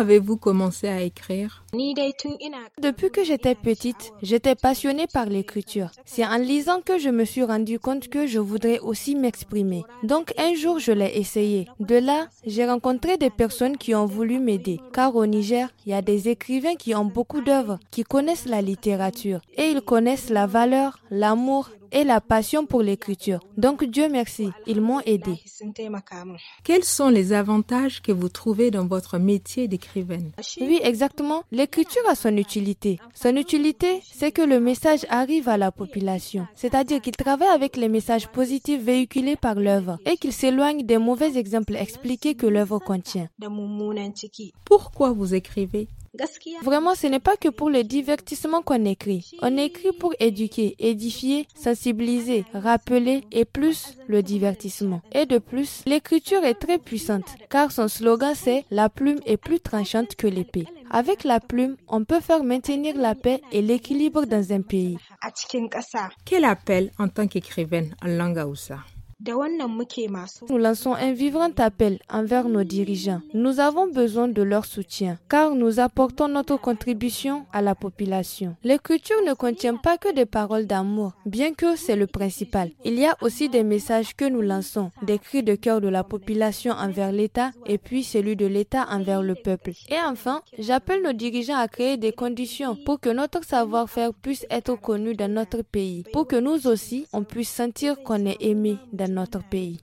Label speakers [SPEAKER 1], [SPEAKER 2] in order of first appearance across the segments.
[SPEAKER 1] avez-vous commencé à écrire Depuis que j'étais petite, j'étais passionnée par l'écriture. C'est en lisant que je me suis rendu compte que je voudrais aussi m'exprimer. Donc un jour, je l'ai essayé. De là, j'ai rencontré des personnes qui ont voulu m'aider. Car au Niger, il y a des écrivains qui ont beaucoup d'œuvres, qui connaissent la littérature. Et ils connaissent la valeur, l'amour et la passion pour l'écriture. Donc Dieu merci, ils m'ont aidé. Quels sont les avantages que vous trouvez dans votre métier d'écrivaine Oui, exactement. L'écriture a son utilité. Son utilité, c'est que le message arrive à la population, c'est-à-dire qu'il travaille avec les messages positifs véhiculés par l'œuvre et qu'il s'éloigne des mauvais exemples expliqués que l'œuvre contient. Pourquoi vous écrivez Vraiment, ce n'est pas que pour le divertissement qu'on écrit. On écrit pour éduquer, édifier, sensibiliser, rappeler et plus le divertissement. Et de plus, l'écriture est très puissante car son slogan c'est La plume est plus tranchante que l'épée. Avec la plume, on peut faire maintenir la paix et l'équilibre dans un pays. Quel appel en tant qu'écrivaine en langue nous lançons un vivant appel envers nos dirigeants. Nous avons besoin de leur soutien car nous apportons notre contribution à la population. L'écriture ne contient pas que des paroles d'amour, bien que c'est le principal. Il y a aussi des messages que nous lançons, des cris de cœur de la population envers l'État et puis celui de l'État envers le peuple. Et enfin, j'appelle nos dirigeants à créer des conditions pour que notre savoir-faire puisse être connu dans notre pays, pour que nous aussi on puisse sentir qu'on est aimé dans notre pays.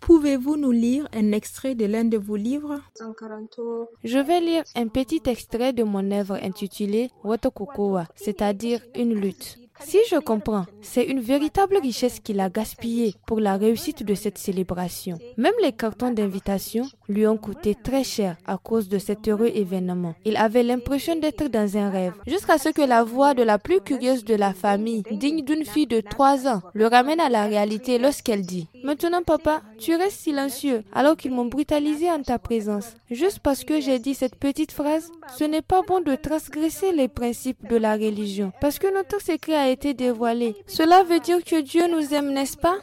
[SPEAKER 1] Pouvez-vous nous lire un extrait de l'un de vos livres Je vais lire un petit extrait de mon œuvre intitulée Watokokowa, c'est-à-dire une lutte. Si je comprends, c'est une véritable richesse qu'il a gaspillée pour la réussite de cette célébration. Même les cartons d'invitation lui ont coûté très cher à cause de cet heureux événement. Il avait l'impression d'être dans un rêve, jusqu'à ce que la voix de la plus curieuse de la famille, digne d'une fille de 3 ans, le ramène à la réalité lorsqu'elle dit ⁇ Maintenant papa, tu restes silencieux alors qu'ils m'ont brutalisé en ta présence. Juste parce que j'ai dit cette petite phrase, ce n'est pas bon de transgresser les principes de la religion, parce que notre secret été dévoilé. Cela veut dire que Dieu nous aime, n'est-ce pas